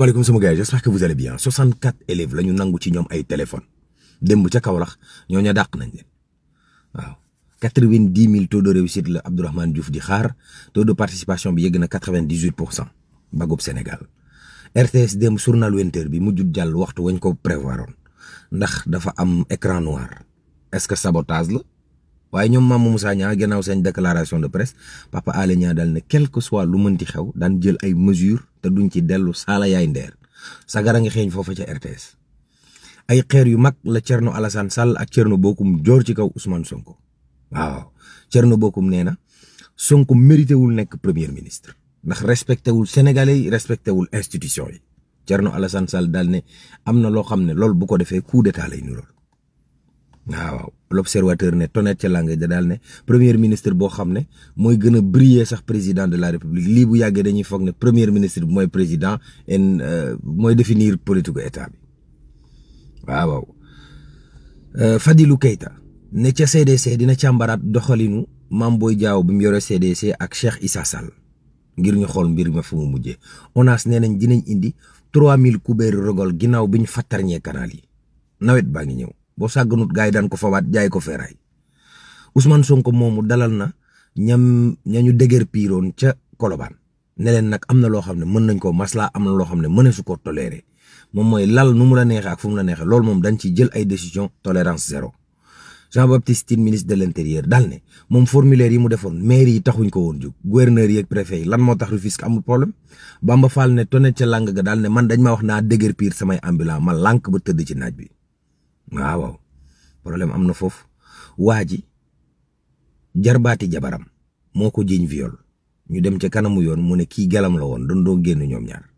waaleykum sama gars yi j'espère que vous allez bien 64 élèves la ñu nangu ci ñoom ay téléphone démb ca Kaolack ñoo ña dàq nañ leen waaw 90 000 taux de réussite la Abdourahmane Diouf di xaar taux de participation bi yegg na 98 pour cent bagub Sénégal RTS démb journal Winter bi mujjul jàll waxtu wañ ko prévoiroon ndax dafa am écran noir est-ce que sabotage la waaye ñoom Mamadou Moussa Niang gannaaw seen déclaration de presse Papa Alé Niang daal ne quel que soit lu mënti xew daan jël ay mesures te duñ ci dellu saala yaay ndeer a ngi xeeñ foofu ca RTS ay xeer yu mag la Thierno Alassane Sall ak Thierno Bocoum joor ci kaw Ousmane Sonko waaw Thierno bokkum nee na Sonko mérité wul nekk premier ministre ndax respecté wul sénégalais yi respecté wul institution yi Thierno Alassane Sall daal ne am na loo xam ne loolu bu ko defee coup d'état lay nurool waaw l'observateur ne tonnet ca langue da daal ne premier ministre boo xam ne mooy gën a briller sax président de la république lii bu yàggee dañuy foog ne premier ministre bi mooy président en euh, mooy définir politique état bi waaw euh, Fadilou Keita ne ca CDC dina càmbaraat doxalinu Mame Boye Diao bi mu yore CDC ak Cheikh Issa Sall ngir ñu xool mbir ma fu mu mujjee ONAS nee nañ dinañ indi 3000 kubéeru rogol ginnaaw bi ñu fattarñee kanaal yi nawet baa ngi ñëw boo sàgganut gars yi daan ko fawaat jaay ko feeraay Ousmane Sonko moomu dalal na ñam ñañu dëgër piiroon ca Colobane ne leen nag am na loo xam ne mën nañ koo maslaa am na loo xam ne mëne su ko toléré moom mooy lal nu mu la neexa ak fu mu la neexee loolu moom dañ ciy jël ay décision tolérance zéro Jean Baptiste Tine ministre de l' intérieur daal ne moom formulaire yi mu defoon maire yi taxuñ ko woon jóg gouverneur yeeg préfet yi lan moo tax Rufisque amul problème Bamba Fall ne tonnet ca làng ga daal ne man ma wax naa dëgër piir samay ambulant ma lànk ba tëdd ci naaj bi waaw waaw problème am na foofu waa ji jarbaati jabaram moo ko jiiñ viol ñu dem ca kanamu yoon mu ne kii galam la woon doon génn ñoom ñaar